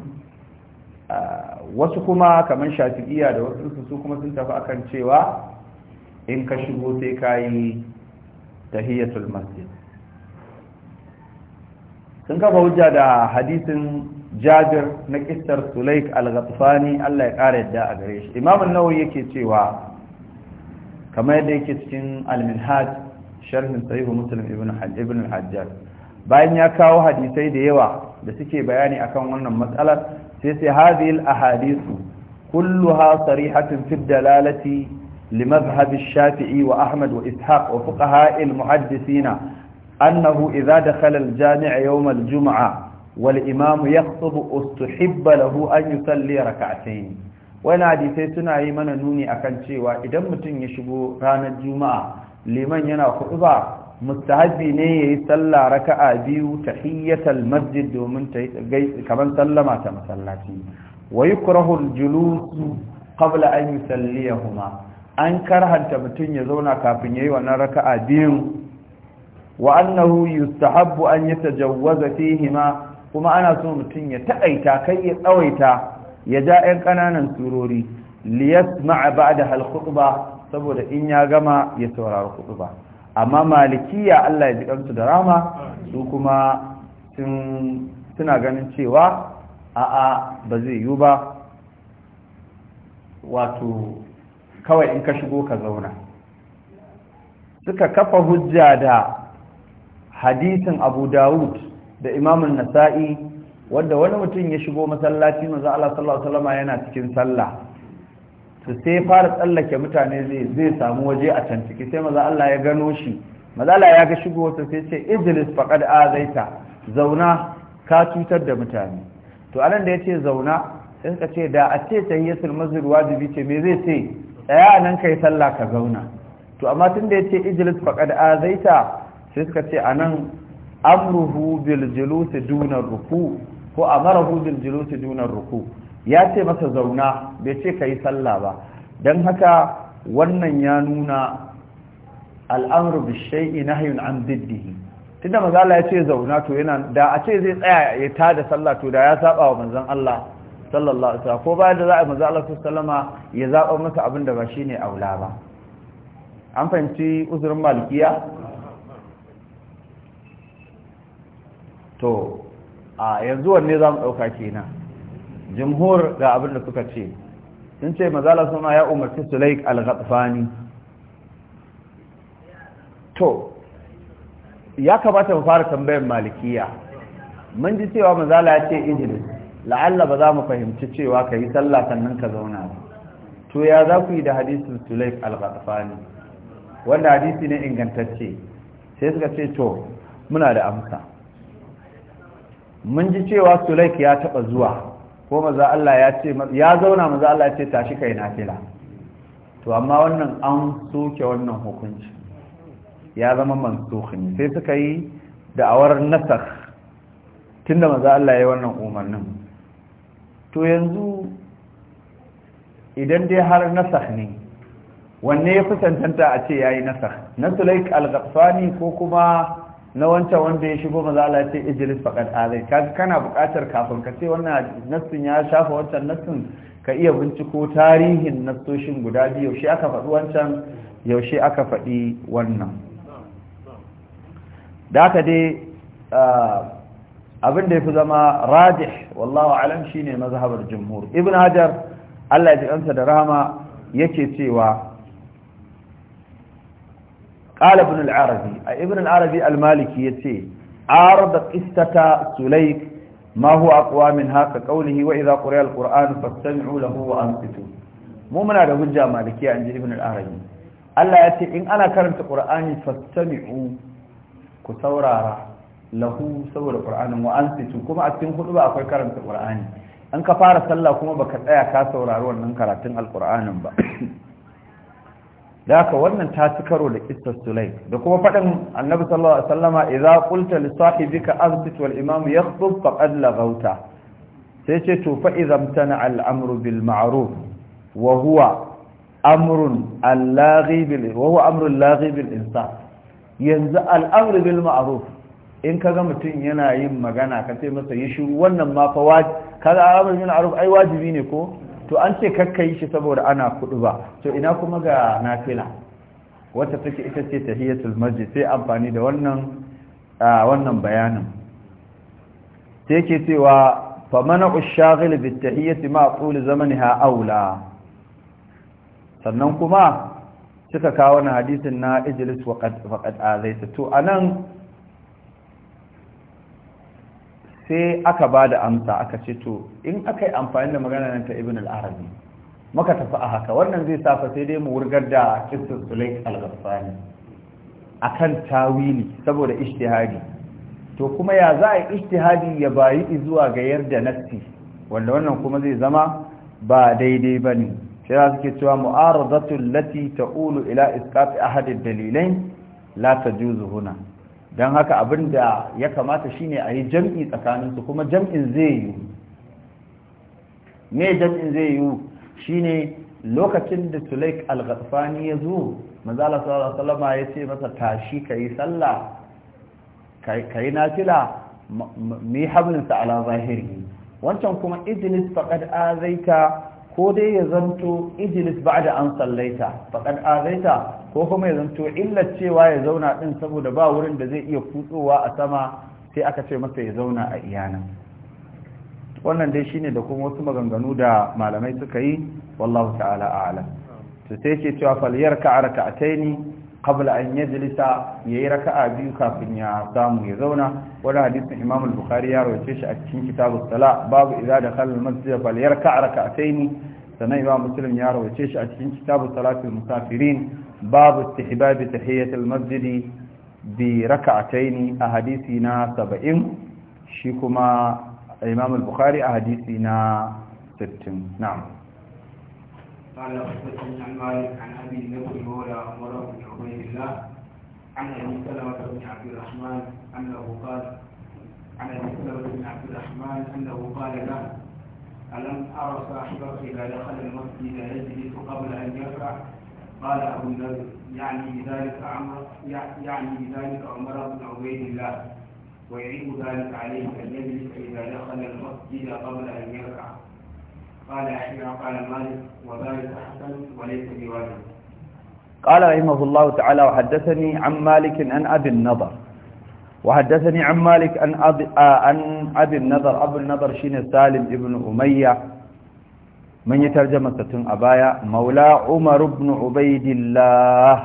wasu kuma kamar shafi'iya da wasu su kuma sun tafi akan cewa in ka shigo sai ka yi tahiyatul masjid sun kafa hujja da hadisin jabir na kistar sulaik al-ghatfani Allah ya kara yadda a gare shi imam an-nawawi yake cewa kamar yadda yake cikin al-minhaj sharhin sahih muslim ibn ibn al-hajjaj bayan ya kawo hadisai da yawa da suke bayani akan wannan matsalar sai sai hadhihi al-ahadithu kulluha sarihatun fi dalalati wa الشافعي وأحمد وإسحاق وفقهاء المحدثين أنه da دخل jami'a يوم juma'a. wal imamu yakhutubu ustuhibba lahu an yusalli rak'atayn wani hadisai suna yi mana nuni akan cewa idan mutum ya shigo ranar juma'a liman yana khutba mustahabi ne yayi sallah raka'a biyu tahiyyatal masjid domin kaman sallama ta masallaci wa yukrahu al-julus qabla an yusalliyahuma an karhanta mutum ya zauna kafin yayi wannan raka'a biyun wa annahu yustahabbu an yatajawwaza fihima kuma ana so mutum ya taƙaita kai ya tsawaita ya ja 'yan ƙananan surori liyas ma'a ba da halkuɗuba saboda in ya gama ya saurari kuɗuba amma malikiya allah ya ji kansu da rama su kuma suna ganin cewa a'a ba zai yiwu ba wato kawai in ka shigo ka zauna suka kafa hujja da hadisin abu dawud da imamun nasa'i wadda wani mutum ya shigo masallaci maza Allah sallallahu alaihi wasallama yana cikin sallah to sai fara tsallake mutane zai samu waje a can ciki sai maza Allah ya gano shi maza Allah ya ga shigo sa sai ce ijlis faqad azaita zauna ka cutar da mutane to anan da yace zauna sai suka ce da a ce tahiyatul masjid wajibi ce me zai ce tsaya anan kai sallah ka zauna to amma tunda yace ijlis faqad azaita sai suka ce anan amruhu bil julusi duna ruku ko amarahu bil julusi duna ruku ya ce masa zauna bai ce kai sallah ba dan haka wannan ya nuna al'amru bi shay'in nahyun an diddihi tunda manzo Allah zauna to yana da a ce zai tsaya ya tada sallah to da ya saba wa manzon Allah sallallahu alaihi wasallam ko bayan da za a Allah sallama ya zaba masa abin da ba shine aula ba an fahimci uzurin malikiya to a yanzu wanne za mu ɗauka kenan jimhur ga abin da suka ce sun ce mazala suna ya umarci sulaik al-ghatfani to ya kamata mu fara tambayar malikiya mun ji cewa mazala ya ce ijilis la'alla ba za mu fahimci cewa ka yi sallah sannan ka zauna ba to ya za ku yi da hadisin sulaik al-ghatfani wanda hadisi ne ingantacce sai suka ce to muna da amsa mun ji cewa sulaik ya taba zuwa ko maza Allah ya ce ya zauna maza Allah ya ce tashi kai fila to amma wannan an soke wannan hukunci ya zama mansukhin sai suka yi da'awar nasakh tunda maza Allah ya yi wannan umarnin to yanzu idan dai har nasar ne wanne ya fi a ce ya yi nasar na sulaik al ko kuma na wancan wanda ya shigo maza Allah ce ijilis faqad azai kaga kana buƙatar kafin ka ce wannan nassin ya shafa wancan nassin ka iya binciko tarihin nassoshin guda biyu yaushe aka faɗi wancan yaushe aka faɗi wannan da haka dai abin da yafi zama rajih wallahu alam shine mazhabar jumhur ibn hajar Allah ya ji da rahama yake cewa qala ibn al-arabi ibn arabi al-maliki yace arda qistata sulai, ma huwa aqwa min haka qawlihi wa idha quriya al-qur'an fastami'u lahu wa mu muna da hujja maliki an ji ibn arabi Allah ya ce in ana karanta qur'ani fastami'u ku saurara lahu saboda qur'anin wa ansitu kuma a cikin huɗu ba akwai karanta qur'ani an ka fara sallah kuma baka tsaya ka saurari wannan karatun alqur'anin ba da haka wannan ta ci karo da kissar sulai da kuma faɗin annabi sallallahu alaihi wasallama idza qulta li sahibika aghsit wal imam yakhutub faqad laghawta sai ce to fa idza amtana al amru bil ma'ruf wa huwa amrun allaghi bil wa huwa amrun laghi bil insan yanzu al amru bil ma'ruf in kaga mutum yana yin magana ka ce masa yi shiru wannan ma fa wajibi kaga al amru bil ma'ruf ai wajibi ne ko to an ce kakka yi shi saboda ana kudu ba to ina kuma ga nafila wata take ita ce tahiyatul masjid sai amfani da wannan wannan bayanin sai yake cewa fa mana'u shaghil bi tahiyati ma tul zamaniha aula sannan kuma suka kawo na hadisin na ijlis waqad waqad azaita to anan sai aka ba da amsa aka ce to in aka yi amfani da magana nan ta ibn al-arabi maka tafi a haka wannan zai sa fa sai dai mu wurgar da kisar sulaik al-ghaffani akan tawili saboda ijtihadi to kuma ya za a ijtihadi ya bayi zuwa ga yarda nafsi wanda wannan kuma zai zama ba daidai bane sai za su ke cewa mu'aradatu allati ta'ulu ila isqati ahad ad-dalilain la tajuzu huna don haka abin da ya kamata shi ne a yi jam'i tsakaninsu kuma jam'in zai yi me jam'in zai yi shi ne lokacin da sulaik al-ghatfani ya zo mazala sallallahu salama ya ce masa tashi ka yi sallah ka yi nafila mai hablinsa ala zahiri wancan kuma ijilis faƙad azaita ko dai ya zanto ijilis ba da an sallaita faƙad azaita ko kuma ya zanto illar cewa ya zauna din saboda ba wurin da zai iya kutsowa a sama sai aka ce masa ya zauna a iyana wannan dai shine da kuma wasu maganganu da malamai suka yi wallahu ta'ala a'lam to sai ce cewa fal a taini qabla an yajlisa yayi raka'a biyu kafin ya samu ya zauna wannan hadisin Imam al-Bukhari ya rawace shi a cikin kitabus sala babu idza dakhala al-masjid fal a taini sannan Imam Muslim ya rawace shi a cikin kitabus salatul musafirin باب استحباب تحية المسجد بركعتين أحاديثنا سبعين شيكما إمام البخاري أحاديثنا ستين نعم قال حدثني عن مالك عن ابي بن مولى عمر بن عبيد الله عن ابي سلمه بن عبد الرحمن انه قال عن ابي سلمه بن عبد الرحمن انه قال له الم ارى صاحبك اذا دخل المسجد يجلس قبل ان يفرح قال أبو النذر يعني بذلك عمر يعني بذلك عمر بن عبيد الله ويعيب ذلك عليه أن يجلس إذا دخل المسجد قبل أن يركع قال أحياء قال مالك وذلك حسن وليس بواجب قال رحمه الله تعالى وحدثني عن مالك عن أبي النظر وحدثني عن مالك أن أبي, أن آه، أبي النظر أبو النظر شين سالم ابن أمية mun yi tarjama tun a baya maula umar ibn ubaidillah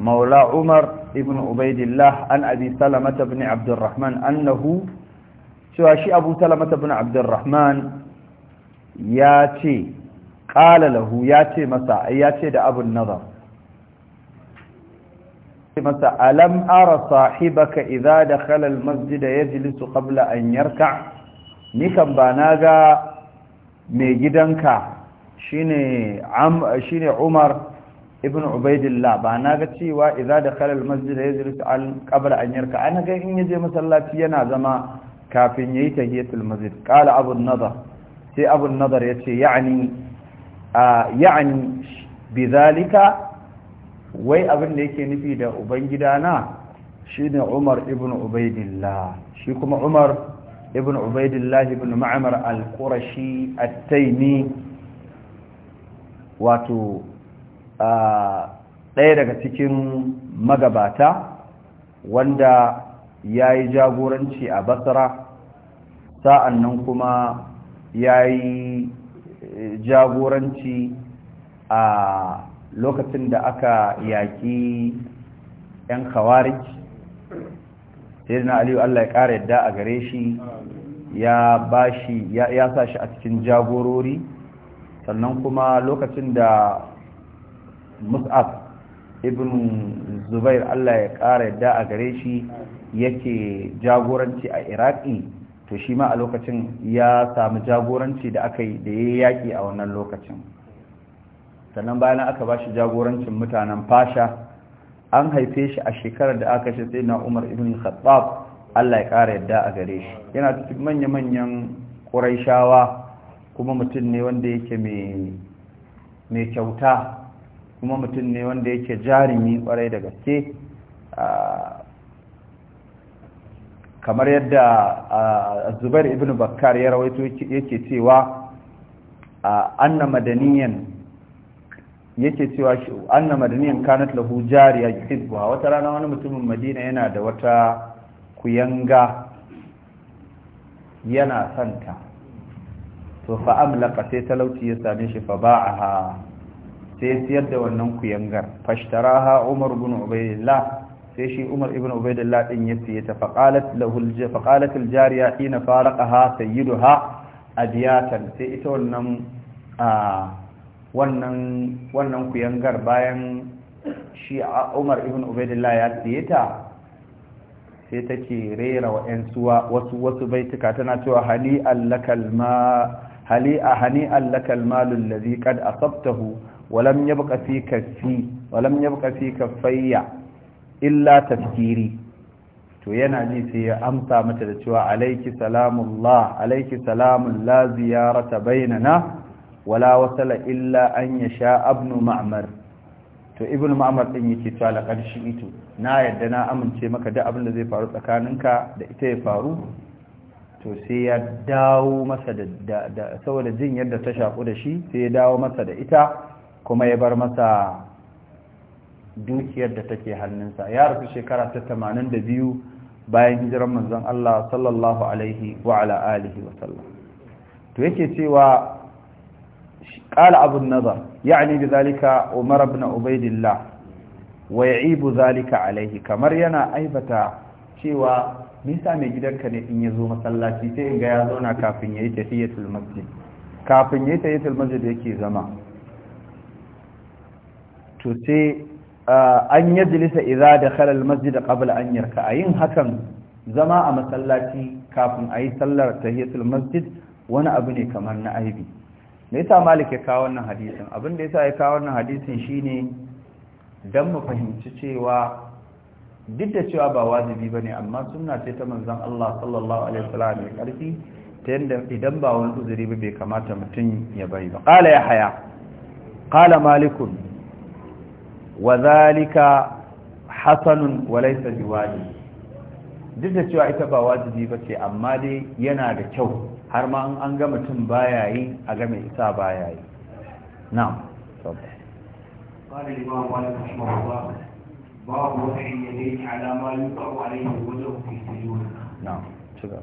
maula umar ibn ubaidillah an abi salamata ibn abdurrahman annahu cewa shi abu salamata ibn abdurrahman ya ce qala lahu ya ce masa ya ce da abun nazar masa alam ara sahibaka idza dakhala almasjid yajlisu qabla an yarka nikan ba na ga. mai gidanka shine shine Umar ibn Ubaidillah ba na ga cewa iza da kalar masjid yajlis al kabar an yarka ana ga in yaje masallaci yana zama kafin yayi tahiyatul masjid qala abu an-nadar sai abu an-nadar yace ya'ni ya'ni wai abin da yake nufi da ubangidana shine Umar ibn Ubaidillah shi kuma Umar ibn ubaidillahi ibn mamar al-qurashi at wato ɗaya daga cikin magabata wanda ya yi jagoranci a basra sa'an nan kuma ya yi eh, jagoranci a lokacin da aka yaƙi 'yan khawarij sai na aliyu allah ya ƙara yadda a gare shi ya ba shi ya sa shi a cikin jagorori sannan kuma lokacin da mus'ab ibn zubair allah ya ƙara yadda a gare shi yake jagoranci a iraki to shi ma a lokacin ya samu jagoranci da aka yi da ya yaƙi a wannan lokacin sannan bayan aka ba shi jagorancin mutanen fasha an haife shi a shekarar da aka shi sai na umar ibn khattab allah ya kara yadda a gare shi yana cikin manya-manyan ƙuraishawa kuma mutum ne wanda yake mai kyauta kuma mutum ne wanda yake jarumi ƙwarai da gaske kamar yadda zubar ibn bakkar ya rawaito yake cewa anna madaniyan yake cewa anna madaniyan kanat lahu jariya yuhibbuha wata rana wani mutumin madina yana da wata kuyanga yana santa to fa amlaqa sai talauci ya same shi fa ba'aha sai siyar da wannan kuyangar fashtaraha umar ibn ubaydillah sai shi umar ibn ubaydillah din ya siye ta fa qalat lahu fa qalat al jariya ina faraqaha sayyidaha adiyatan sai ita wannan a ah, wannan wannan kuyangar bayan shi Umar ibn Ubaidillah ya siye ta sai take rera wa suwa wasu wasu baituka tana cewa hali allakal ma hali ahani allakal malul ladhi qad asabtahu ولم يبق فيك في to yana ji sai ya amsa mata da cewa alayki salamullah alayki salamun la ziyarata bainana wala wasala illa an ya sha abnu ma'amar to ibn ma'amar ɗin yake cewa laƙar ito na yadda na amince maka da abin da zai faru tsakaninka da ita ya faru to sai ya dawo masa da saboda jin yadda ta shaƙu da shi sai ya dawo masa da ita kuma ya bar masa dukiyar da take hannunsa ya rasu shekara ta tamanin da biyu bayan hijiran manzon Allah sallallahu alaihi wa ala alihi wa sallam to yake cewa قال أبو النظر يعني بذلك عمر بن عبيد الله ويعيب ذلك عليه كمرينا أيبتا شوى nisa mai gidanka ne in ya zo masallaci sai in ga ya zauna kafin ya yi tafiyatul masjid kafin ya yi tafiyatul masjid yake zama to sai an yajlisa idza dakhala al masjid qabla an yarka ayin hakan zama a masallaci kafin ayi sallar tahiyatul masjid wani abu ne kamar na aibi me yasa malik ya kawo wannan hadisin abin da yasa ya kawo wannan hadisin shine dan mu fahimci cewa duk da cewa ba wajibi bane amma sunna ce ta manzon Allah sallallahu alaihi wasallam ne karfi ta yanda idan ba wani uzuri ba bai kamata mutum ya bari ba qala ya haya qala malikun wa zalika hasanun wa laysa biwajib duk da cewa ita ba wajibi bace amma dai yana da kyau har ma an ga mutum baya yi a ga mai isa baya yi na'am saboda قال الإمام مالك رحمه الله باب وضع اليدين على ما يوقع عليه الوجه في السجود نعم شكرا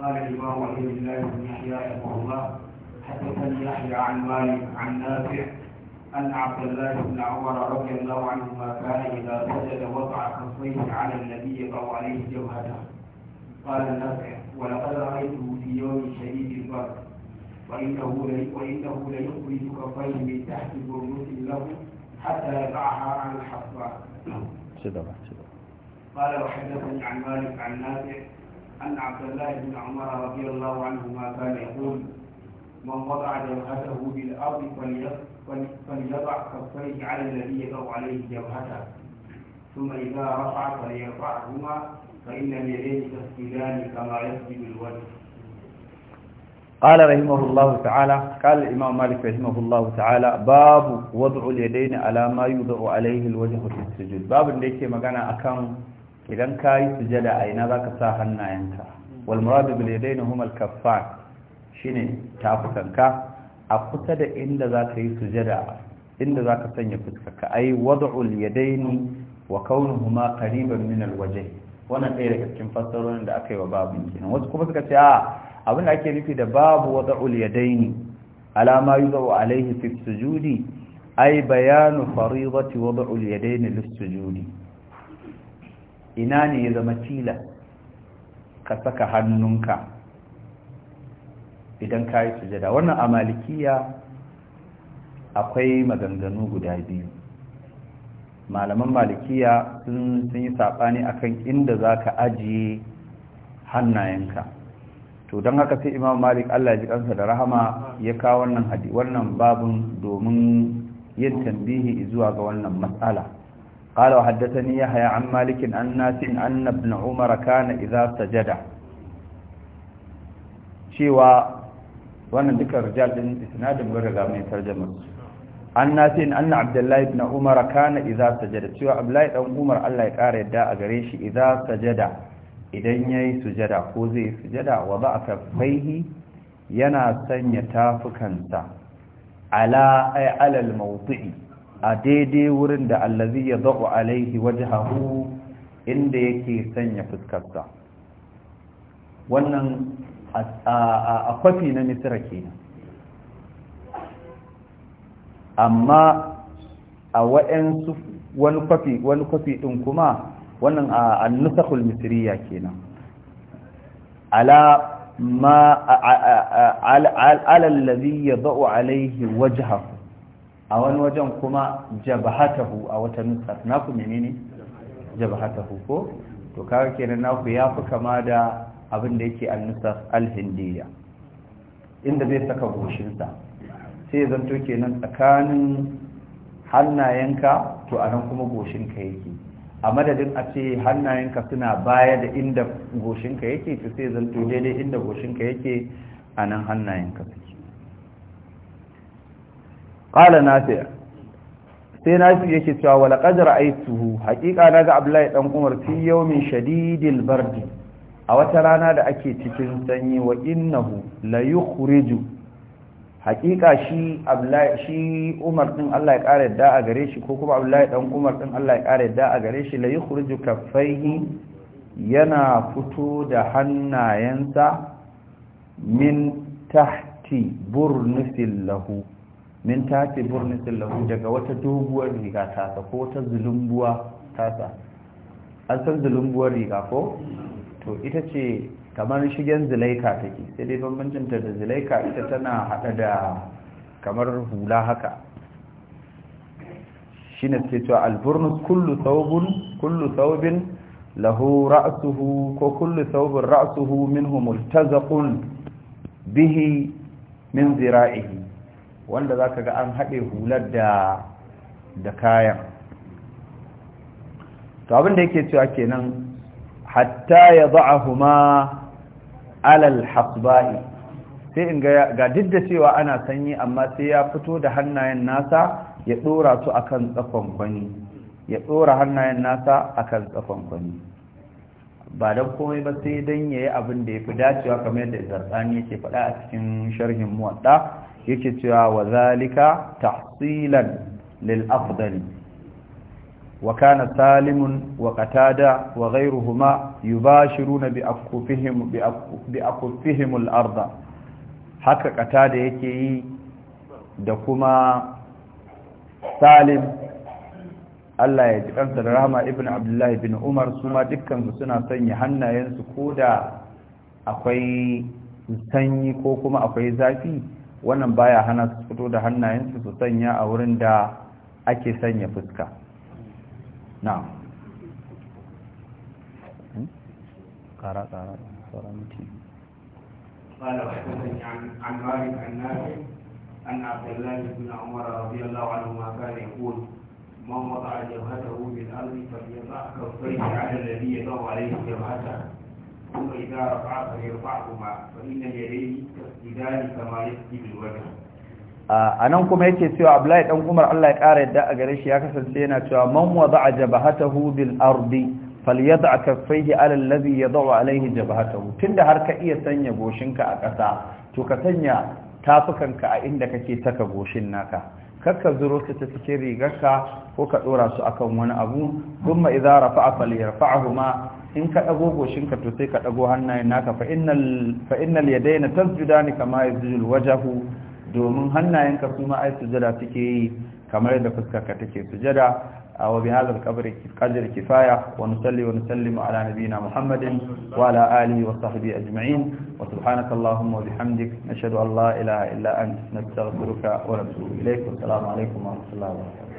قال الإمام عبد الله بن يحيى رحمه الله حدثني يحيى عن مالك عن نافع أن عبد الله بن عمر رضي الله عنهما كان إذا سجد وضع كفيه على النبي أو عليه جوهته قال نافع ولقد رأيته في يوم شديد البرد وإنه وإنه ليخرج كفيه من تحت برنوس له حتى يضعها عن الحصباء. قال وحدثني عن مالك عن نافع أن عبد الله بن عمر رضي الله عنهما كان يقول من وضع جبهته بالأرض فليضع كفيه على الذي يضع عليه جبهته ثم إذا رفع فليرفعهما فإن اليدين تسجدان كما يسجد الوجه قال رحمه الله تعالى قال الإمام مالك رحمه الله تعالى باب وضع اليدين على ما يوضع عليه الوجه في السجود باب da yake magana akan idan kai sujada a ina zaka sa hannayen ka murad bil yadayn huma al kaffan shine tafukanka a kusa da inda zaka yi sujada inda zaka sanya fuskarka ai wad'ul wa kaunuhuma qariban min al wannan ɗaya daga cikin fassarorin da aka yi wa babu kenan wasu kuma suka ce a abin ake nufi da babu wada uliyadaini alama yi zau alaihi fi sujudi ai bayanu faridati wada uliyadaini lis sujudi ina ne ya zama tilas ka saka hannunka idan ka yi sujada wannan a malikiya akwai maganganu guda biyu malaman malikiya sun yi saɓani akan inda za ka ajiye hannayenka to don haka sai imam malik allah ji kansa da rahama ya kawo wannan hadi wannan babun domin yin tambihi zuwa ga wannan matsala قال وحدثني يحيى عن مالك عن ناس أن ابن عمر كان إذا سجد شيوا وانا ذكر رجال اسناد من غير an nasin anna abdullahi na umar kana idza sajada cewa abdullahi dan umar Allah ya kara yadda a gare shi idza sajada idan yayi sujada ko zai sujada wada kaffaihi yana sanya tafukansa ala ay ala al a daidai wurin da allazi yadhu alaihi wajhahu inda yake sanya fuskarsa wannan a kwafi na misra kenan amma a wa'ansu wani kwafi wani kwafi ɗin kuma wannan a annusakul misiriya kenan ala ma ya allazi yadau alaihi wajhahu a wani wajen kuma jabhatahu a wata nusar naku menene jabhatahu ko to kaga kenan naku yafi kama da abin da yake annusa alhindiya al inda zai saka goshinsa sai zanto kenan tsakanin hannayenka to a nan kuma goshinka yake a madadin a ce hannayenka suna baya da inda goshinka yake to sai zanto daidai inda goshinka yake a nan hannayenka suke ƙala nafiya sai nafi yake cewa wala ƙajar aituhu haƙiƙa na ga abulai ɗan umar fi yaumin shadidil bardi a wata rana da ake cikin sanyi wa innahu la yukhriju haƙiƙa shi shi Umar din Allah ya ƙara da a gare shi ko kuma Abdullahi dan Umar din Allah ya ƙara da a gare shi la yukhruju kaffaihi yana fito da hannayensa min tahti burnisil lahu min tahti burnisil lahu daga wata doguwar riga ta ko wata zulumbuwa ta an san zulumbuwar riga ko to ita ce kamar shigen zilaika take sai dai bambancinta da zilaika ita tana hada da kamar hula haka shine suke cewa alburnus kullu thawbun kullu thawbin lahu ra'suhu ko kullu thawbin ra'suhu minhu multazaqun bihi min zira'ihi wanda zaka ga an hade hular da da kayan to abin da yake cewa kenan hatta ya huma. alal hasba'i sai in ga duk cewa ana sanyi amma sai ya fito da hannayen nasa ya dora su akan tsakon kwani ya dora hannayen nasa akan tsakon kwani ba dan komai ba sai dan yayi abin da yafi dacewa kamar yadda zartsani yake faɗa a cikin sharhin muwatta yake cewa wa zalika tahsilan lil afdali salimu وكان سالم وقتادة وغيرهما يباشرون بأكفهم, بأكفهم الأرض حكا قتادة يكي دكما سالم Allah ya ji kansa da rahama ibn Abdullahi bin Umar su ma dukkansu suna sanya hannayensu ko da akwai sanyi ko kuma akwai zafi wannan baya hana su fito da hannayensu su sanya a wurin da ake sanya fuska. نعم قرأ قرأ قال وحدثني عن عن مالك عن نافع أن عبد الله بن عمر رضي الله عنهما كان يقول من وضع جبهته بالأرض فليضع كفيه على الذي يضع عليه جبهته ثم إذا رفع فليرفعهما فإن يديه تسجدان كما يسجد الوجه a nan kuma yake cewa Abdullahi dan Umar Allah ya kara yadda a gare shi ya kasance yana cewa man wada'a jabhatahu bil ardi falyad'a kaffayhi ala alladhi yad'u alayhi jabhatahu tunda har ka iya sanya goshinka a ƙasa to ka sanya tafukanka a inda kake taka goshin naka kakka zuro su ta cikin rigarka ko ka dora su akan wani abu thumma idza rafa'a falyarfa'huma in ka ɗago goshinka to sai ka ɗago hannayen naka fa innal yadaina tasjudani kama yasjudu wajahu. domin hannayenka su ma ai sujada suke yi kamar yadda fuskarka take sujada wa bi hadha al-qadr kifaya wa nusalli wa nusallimu ala nabiyyina Muhammadin wa ala alihi wa sahbihi ajma'in wa subhanaka allahumma wa bihamdik nashhadu an la ilaha illa anta nastaghfiruka wa natubu ilayk wa assalamu alaykum wa rahmatullahi wa barakatuh